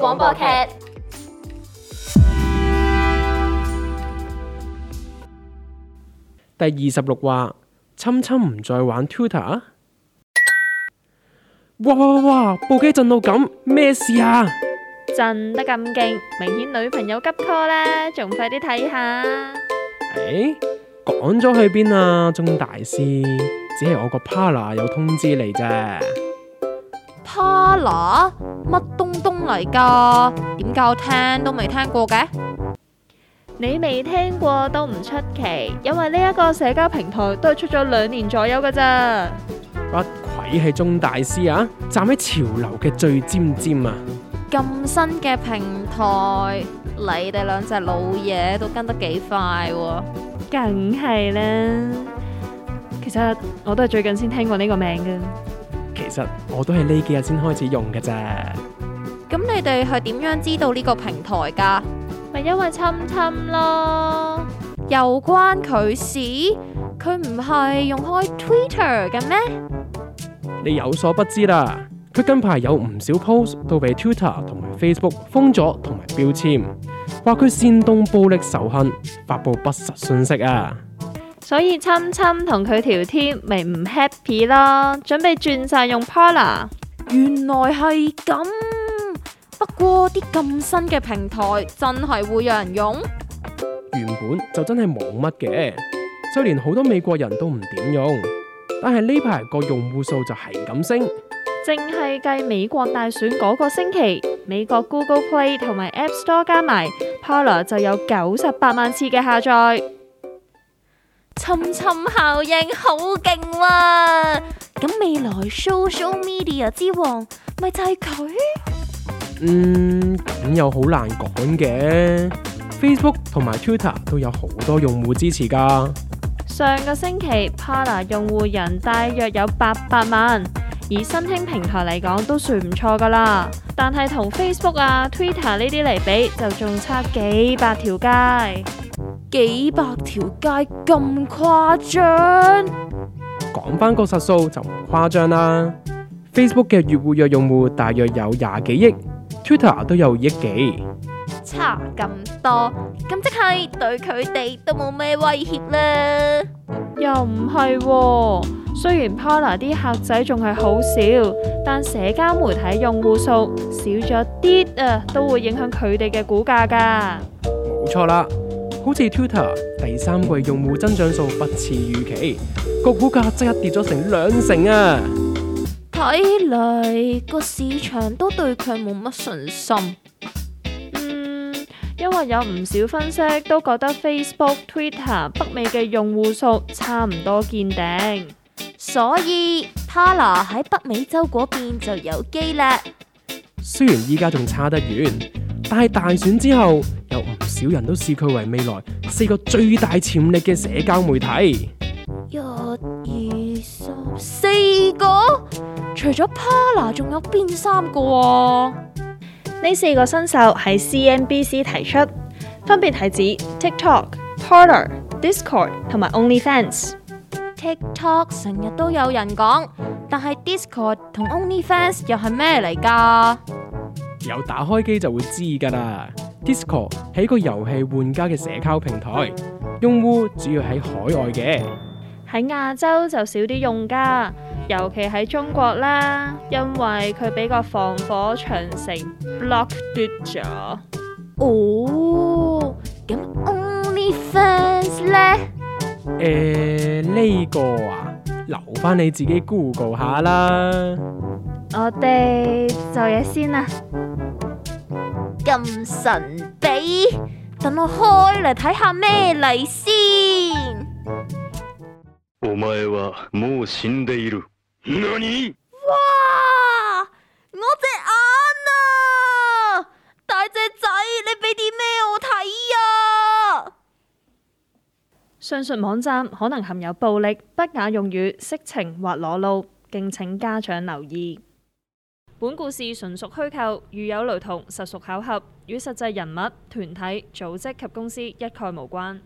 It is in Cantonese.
廣播劇第二十六話，侵侵唔再玩 Twitter。哇哇哇部機震到咁，咩事啊？震得咁勁，明顯女朋友急 call 啦，仲快啲睇下。誒、欸，講咗去邊啊？鍾大師，只係我個 partner 有通知嚟啫。Parler 乜東東嚟噶？點解我聽都未聽過嘅？你未聽過都唔出奇，因為呢一個社交平台都係出咗兩年左右噶咋。不愧係鍾大師啊，站喺潮流嘅最尖尖啊！咁新嘅平台，你哋兩隻老嘢都跟得幾快。啊，梗係啦。其實我都係最近先聽過呢個名嘅。其實我都係呢幾日先開始用噶咋。咁你哋係點樣知道呢個平台噶？咪因為侵侵咯，又關佢事？佢唔係用開 Twitter 嘅咩？你有所不知啦，佢近排有唔少 post 都被 Twitter 同埋 Facebook 封咗，同埋標籤，話佢煽動暴力仇恨、發佈不實信息啊。所以侵侵同佢條貼咪唔 happy 咯，準備轉晒用 Parler？原來係咁，不過啲咁新嘅平台真係會有人用。原本就真係冇乜嘅，就連好多美國人都唔點用。但係呢排個用戶數就係咁升，淨係計美國大選嗰個星期，美國 Google Play 同埋 App Store 加埋 Parler 就有九十八萬次嘅下載。侵侵效應好勁喎，咁、啊、未來 social media 之王咪就係佢？嗯，咁又好難講嘅。Facebook 同埋 Twitter 都有好多用戶支持㗎。上個星期，Parler 用戶人大約有八百萬，以新興平台嚟講都算唔錯㗎啦。但係同 Facebook 啊、Twitter 呢啲嚟比，就仲差幾百條街。幾百條街咁誇張，講翻個實數就唔誇張啦。Facebook 嘅月活躍用戶大約有廿幾億，Twitter 都有億幾，差咁多，咁即係對佢哋都冇咩威脅啦。又唔係，雖然 Parler 啲客仔仲係好少，但社交媒體用戶數少咗啲啊，都會影響佢哋嘅股價噶。冇錯啦。好似 Twitter 第三季用戶增長數不似預期，個股價即刻跌咗成兩成啊！睇嚟個市場都對佢冇乜信心。嗯，因為有唔少分析都覺得 Facebook、Twitter 北美嘅用戶數差唔多見頂，所以 Parler 喺北美洲嗰邊就有機啦。雖然依家仲差得遠。但係大選之後，有唔少人都視佢為未來四個最大潛力嘅社交媒體。一、二、三、四個，除咗 Parler 仲有邊三個？呢四個新秀係 CNBC 提出，分別係指 TikTok、Parler、Discord 同埋 OnlyFans。TikTok 成日都有人講，但係 Discord 同 OnlyFans 又係咩嚟噶？有打開機就會知噶啦。Discord 係一個遊戲玩家嘅社交平台，用戶主要喺海外嘅。喺亞洲就少啲用家，尤其喺中國啦，因為佢俾個防火長城 block 住咗。哦，咁 OnlyFans 咧？誒、啊，呢、這個啊，留翻你自己 Google 下啦。我哋做嘢先啦。咁神秘，等我開嚟睇下咩嚟先哇。我話，我隻眼啊，大隻仔，你俾啲咩我睇啊？上述網站可能含有暴力、不雅用語、色情或裸露，敬請家長留意。本故事純屬虛構，如有雷同，實屬巧合，與實際人物、團體、組織及公司一概無關。